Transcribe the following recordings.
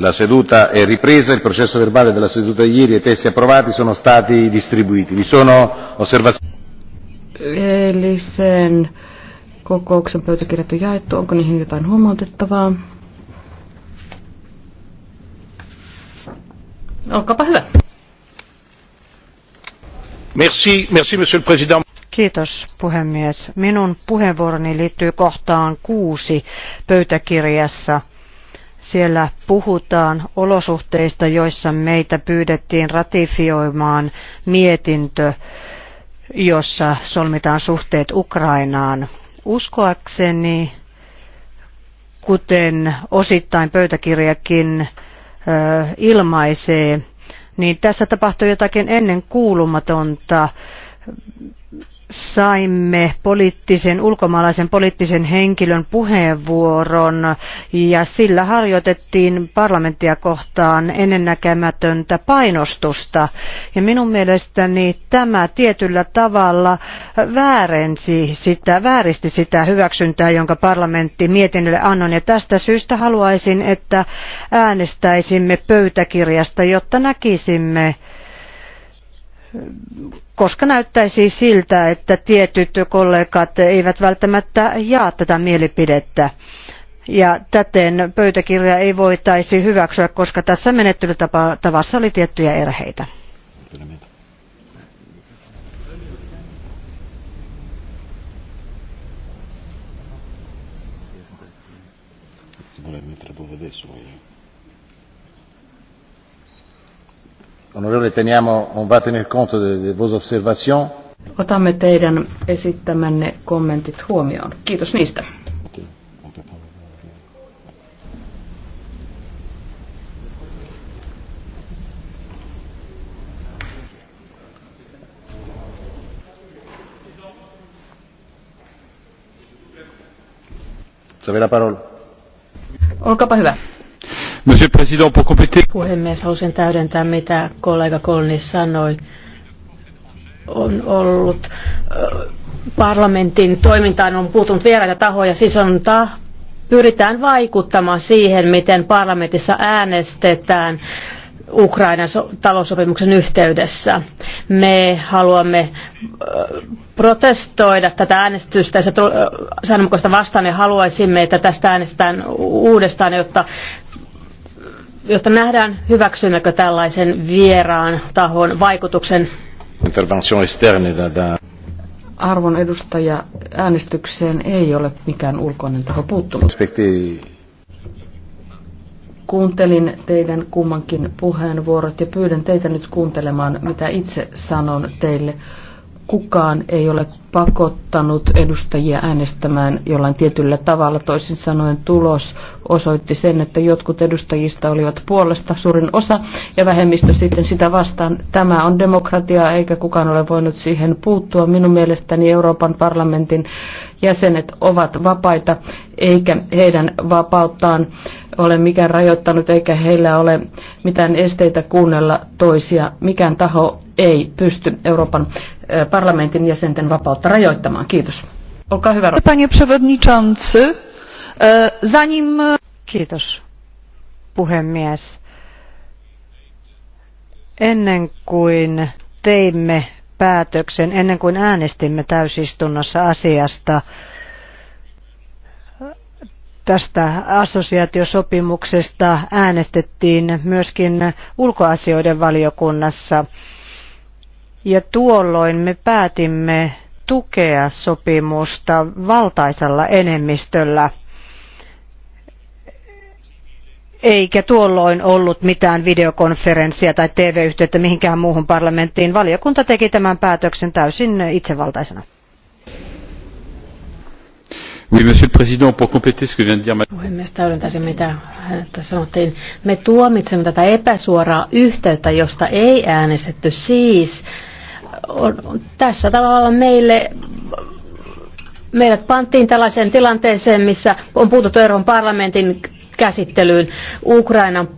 la seduta è ripresa il processo verbale della seduta di ieri e i testi approvati sono stati distribuiti. vi sono osservazioni? eilisen kokouksen pöytäkirjat on jaettu. Onko niihin jotain huomautettavaa? Olkaapa hyvä. Merci, merci, monsieur le président. Kiitos puhemies. Minun puheenvuoroni liittyy kohtaan kuusi pöytäkirjassa siellä puhutaan olosuhteista, joissa meitä pyydettiin ratifioimaan mietintö, jossa solmitaan suhteet Ukrainaan. Uskoakseni, kuten osittain pöytäkirjakin ilmaisee, niin tässä tapahtui jotakin ennen kuulumatonta saimme poliittisen, ulkomaalaisen poliittisen henkilön puheenvuoron ja sillä harjoitettiin parlamenttia kohtaan ennennäkemätöntä painostusta. Ja minun mielestäni tämä tietyllä tavalla väärensi sitä, vääristi sitä hyväksyntää, jonka parlamentti mietinnölle annoi. Ja tästä syystä haluaisin, että äänestäisimme pöytäkirjasta, jotta näkisimme, koska näyttäisi siltä, että tietyt kollegat eivät välttämättä jaa tätä mielipidettä. Ja täten pöytäkirja ei voitaisi hyväksyä, koska tässä menettelytavassa oli tiettyjä erheitä. adesso. Otamme teidän esittämänne kommentit huomioon. Kiitos niistä. Olkaapa hyvä. Monsieur Puhemies, haluaisin täydentää, mitä kollega Kolnis sanoi. On ollut parlamentin toimintaan on puutunut vieraita tahoja, siis on ta, pyritään vaikuttamaan siihen, miten parlamentissa äänestetään Ukrainan taloussopimuksen yhteydessä. Me haluamme protestoida tätä äänestystä ja säännönmukaista vastaan ja haluaisimme, että tästä äänestetään uudestaan, jotta jotta nähdään, hyväksymmekö tällaisen vieraan tahon vaikutuksen. Intervention externe arvon edustaja, äänestykseen ei ole mikään ulkoinen taho puuttunut. Kuuntelin teidän kummankin puheenvuorot ja pyydän teitä nyt kuuntelemaan, mitä itse sanon teille kukaan ei ole pakottanut edustajia äänestämään jollain tietyllä tavalla. Toisin sanoen tulos osoitti sen, että jotkut edustajista olivat puolesta, suurin osa, ja vähemmistö sitten sitä vastaan. Tämä on demokratiaa, eikä kukaan ole voinut siihen puuttua. Minun mielestäni Euroopan parlamentin jäsenet ovat vapaita, eikä heidän vapauttaan ole mikään rajoittanut, eikä heillä ole mitään esteitä kuunnella toisia. Mikään taho ei pysty Euroopan parlamentin jäsenten vapautta rajoittamaan. Kiitos. Olkaa hyvä. Panie przewodniczący, e, zanim... Kiitos, puhemies. Ennen kuin teimme päätöksen, ennen kuin äänestimme täysistunnossa asiasta, tästä assosiaatiosopimuksesta äänestettiin myöskin ulkoasioiden valiokunnassa ja tuolloin me päätimme tukea sopimusta valtaisella enemmistöllä eikä tuolloin ollut mitään videokonferenssia tai TV-yhteyttä mihinkään muuhun parlamenttiin. Valiokunta teki tämän päätöksen täysin itsevaltaisena. Oui, monsieur le président, pour compléter ce que vient de dire Puhemies, täydentäisin mitä tässä sanottiin. Me tuomitsemme tätä epäsuoraa yhteyttä, josta ei äänestetty siis on, tässä tavalla meille meidät pantiin tällaiseen tilanteeseen, missä on puututtu Euroopan parlamentin käsittelyyn Ukrainan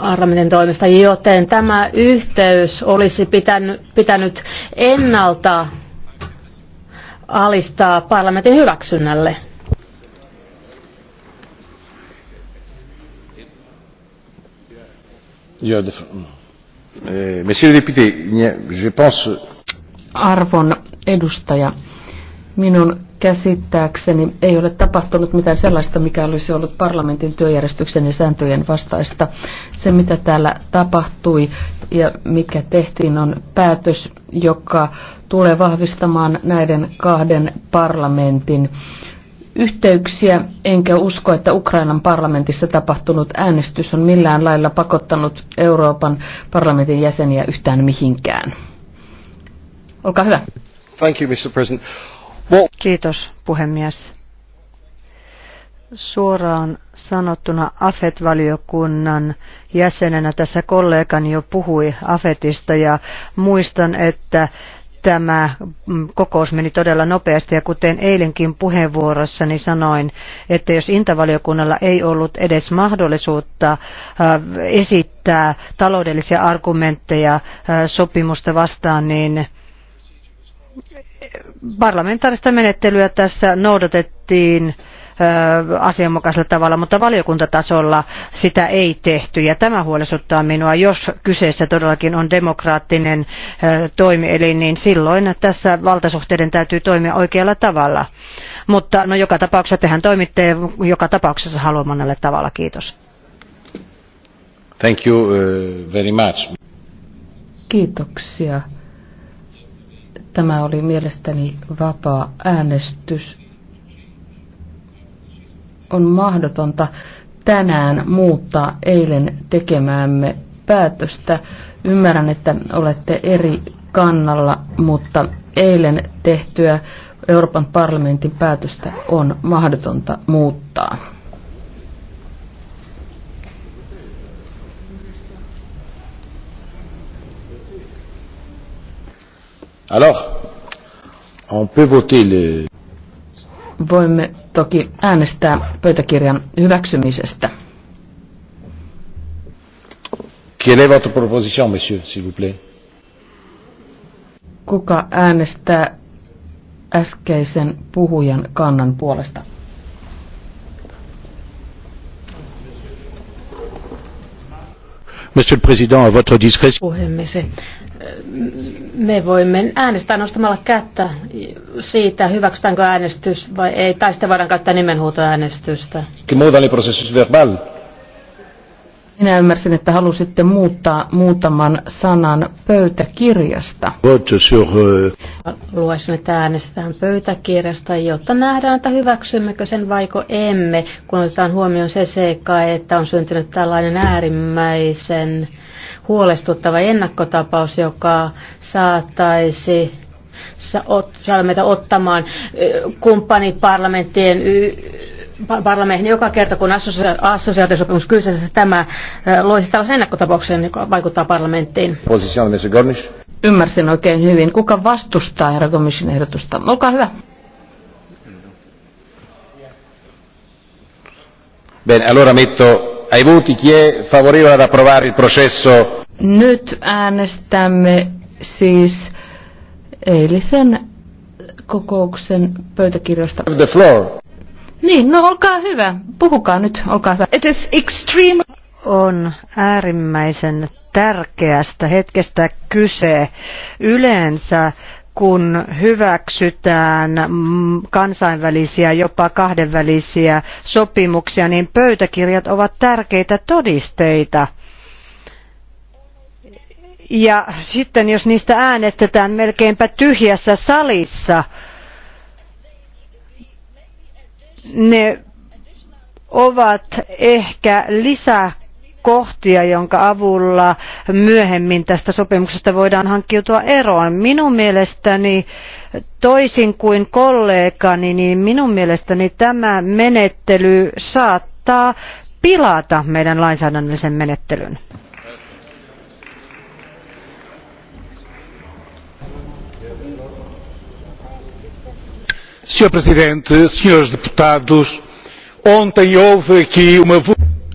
parlamentin toimesta, joten tämä yhteys olisi pitänyt, pitänyt ennalta alistaa parlamentin hyväksynnälle. Joo. Euh, Arvon edustaja, minun käsittääkseni ei ole tapahtunut mitään sellaista, mikä olisi ollut parlamentin työjärjestyksen ja sääntöjen vastaista. Se, mitä täällä tapahtui ja mikä tehtiin, on päätös, joka tulee vahvistamaan näiden kahden parlamentin äh, yhteyksiä, enkä usko, että Ukrainan parlamentissa tapahtunut äänestys on millään lailla pakottanut Euroopan parlamentin jäseniä yhtään mihinkään. Olkaa hyvä. Thank you, Mr. President. Well... Kiitos, puhemies. Suoraan sanottuna AFET-valiokunnan jäsenenä tässä kollegani jo puhui AFETista ja muistan, että tämä kokous meni todella nopeasti ja kuten eilenkin puheenvuorossani sanoin, että jos intavaliokunnalla ei ollut edes mahdollisuutta äh, esittää taloudellisia argumentteja äh, sopimusta vastaan, niin parlamentaarista menettelyä tässä noudatettiin asianmukaisella tavalla, mutta valiokuntatasolla sitä ei tehty. Ja tämä huolestuttaa minua, jos kyseessä todellakin on demokraattinen toimielin, niin silloin tässä valtasuhteiden täytyy toimia oikealla tavalla. Mutta no joka tapauksessa tehän toimitte joka tapauksessa haluamannalle tavalla. Kiitos. Thank you very much. Kiitoksia. Tämä oli mielestäni vapaa äänestys on mahdotonta tänään muuttaa eilen tekemäämme päätöstä. Ymmärrän, että olette eri kannalla, mutta eilen tehtyä Euroopan parlamentin päätöstä on mahdotonta muuttaa. Alors, on peut voter le... Voimme toki äänestää pöytäkirjan hyväksymisestä. Quelle est votre proposition, monsieur, s'il vous plaît? Kuka äänestää äskeisen puhujan kannan puolesta? Monsieur le Président, à votre discrétion. Puhemies, me voimme äänestää nostamalla kättä siitä, hyväksytäänkö äänestys vai ei, tai sitten voidaan käyttää nimenhuutoäänestystä. Minä ymmärsin, että halusitte muuttaa muutaman sanan pöytäkirjasta. Euh, Luaisin, että äänestetään pöytäkirjasta, jotta nähdään, että hyväksymmekö sen vaiko emme, kun otetaan huomioon se seikka, että on syntynyt tällainen äärimmäisen huolestuttava ennakkotapaus, joka saattaisi saada meitä ottamaan kumppaniparlamenttien parlamentin joka kerta, kun assosiaatiosopimus kyseessä, tämä loisi tällaisen ennakkotapauksen, joka vaikuttaa parlamenttiin. Gornish. Ymmärsin oikein hyvin. Kuka vastustaa herra komission ehdotusta? Olkaa hyvä. Bene, allora metto ai voti chi è favorevole ad approvare il processo nyt äänestämme siis eilisen kokouksen pöytäkirjasta. The floor. Niin, no olkaa hyvä. Puhukaa nyt, olkaa hyvä. It is extreme. On äärimmäisen tärkeästä hetkestä kyse. Yleensä kun hyväksytään kansainvälisiä, jopa kahdenvälisiä sopimuksia, niin pöytäkirjat ovat tärkeitä todisteita – ja sitten jos niistä äänestetään melkeinpä tyhjässä salissa, ne ovat ehkä lisäkohtia, jonka avulla myöhemmin tästä sopimuksesta voidaan hankkiutua eroon. Minun mielestäni toisin kuin kollegani, niin minun mielestäni tämä menettely saattaa pilata meidän lainsäädännöllisen menettelyn. Senhor Presidente, senhores deputados, ontem houve aqui uma...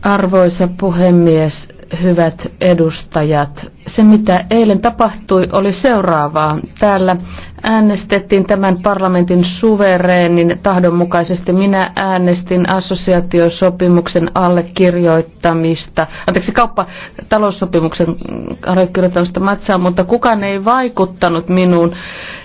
Arvoisa puhemies, hyvät edustajat. Se, mitä eilen tapahtui, oli seuraavaa. Täällä äänestettiin tämän parlamentin suvereenin tahdonmukaisesti. Minä äänestin assosiaatiosopimuksen allekirjoittamista, anteeksi, kauppataloussopimuksen allekirjoittamista matsaa, mutta kukaan ei vaikuttanut minuun,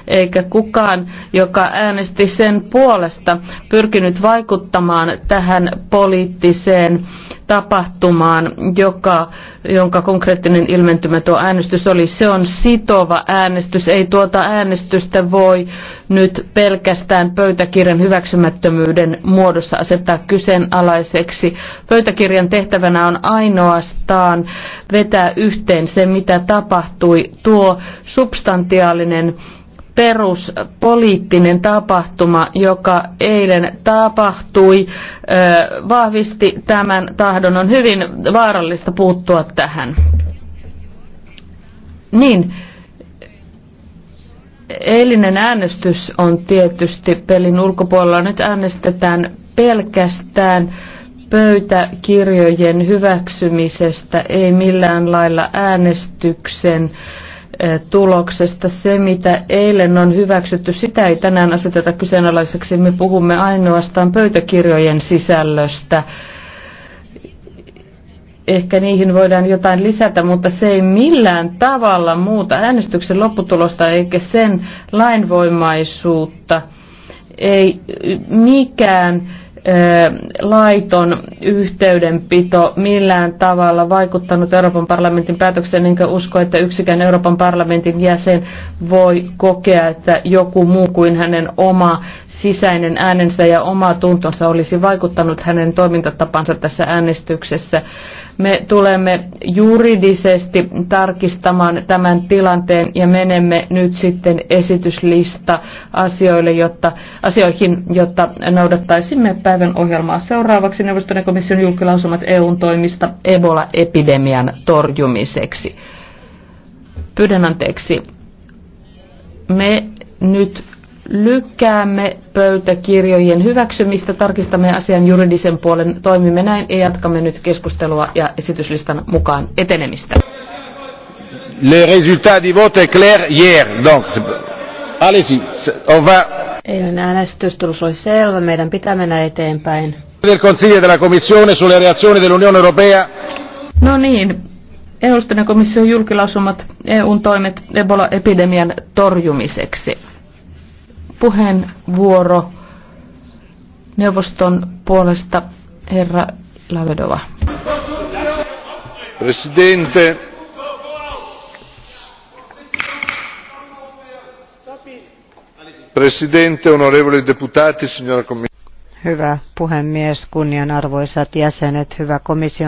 eikä kukaan, joka äänesti sen puolesta, pyrkinyt vaikuttamaan tähän poliittiseen tapahtumaan, joka, jonka konkreettinen ilmentymä tuo äänestys oli. Se on sitova äänestys. Ei tuota äänestystä voi nyt pelkästään pöytäkirjan hyväksymättömyyden muodossa asettaa kyseenalaiseksi. Pöytäkirjan tehtävänä on ainoastaan vetää yhteen se, mitä tapahtui. Tuo substantiaalinen peruspoliittinen tapahtuma, joka eilen tapahtui, vahvisti tämän tahdon. On hyvin vaarallista puuttua tähän. Niin, eilinen äänestys on tietysti pelin ulkopuolella. Nyt äänestetään pelkästään pöytäkirjojen hyväksymisestä, ei millään lailla äänestyksen äh, tuloksesta. Se, mitä eilen on hyväksytty, sitä ei tänään aseteta kyseenalaiseksi. Me puhumme ainoastaan pöytäkirjojen sisällöstä. Ehkä niihin voidaan jotain lisätä, mutta se ei millään tavalla muuta äänestyksen lopputulosta eikä sen lainvoimaisuutta. Ei mikään laiton yhteydenpito millään tavalla vaikuttanut Euroopan parlamentin päätökseen, enkä usko, että yksikään Euroopan parlamentin jäsen voi kokea, että joku muu kuin hänen oma sisäinen äänensä ja oma tuntonsa olisi vaikuttanut hänen toimintatapansa tässä äänestyksessä. Me tulemme juridisesti tarkistamaan tämän tilanteen ja menemme nyt sitten esityslista asioille, jotta, asioihin, jotta noudattaisimme päätöksiä päivän ohjelmaa seuraavaksi neuvoston ja komission julkilausumat EUn toimista Ebola-epidemian torjumiseksi. Pyydän anteeksi. Me nyt lykkäämme pöytäkirjojen hyväksymistä, tarkistamme asian juridisen puolen, toimimme näin ja jatkamme nyt keskustelua ja esityslistan mukaan etenemistä. Le résultat du vote est clair hier, donc allez-y, on va Eilen äänestystulos oli selvä, meidän pitää mennä eteenpäin. Del Consiglio e della Commissione sulle reazioni dell'Unione Europea. No niin, Euroopan komission julkilausumat EUn toimet Ebola-epidemian torjumiseksi. Puheenvuoro neuvoston puolesta herra Lavedova. Presidente, presidente onorevoli deputati signora hyvä puhemies kunnianarvoisat jäsenet hyvä komission jäsen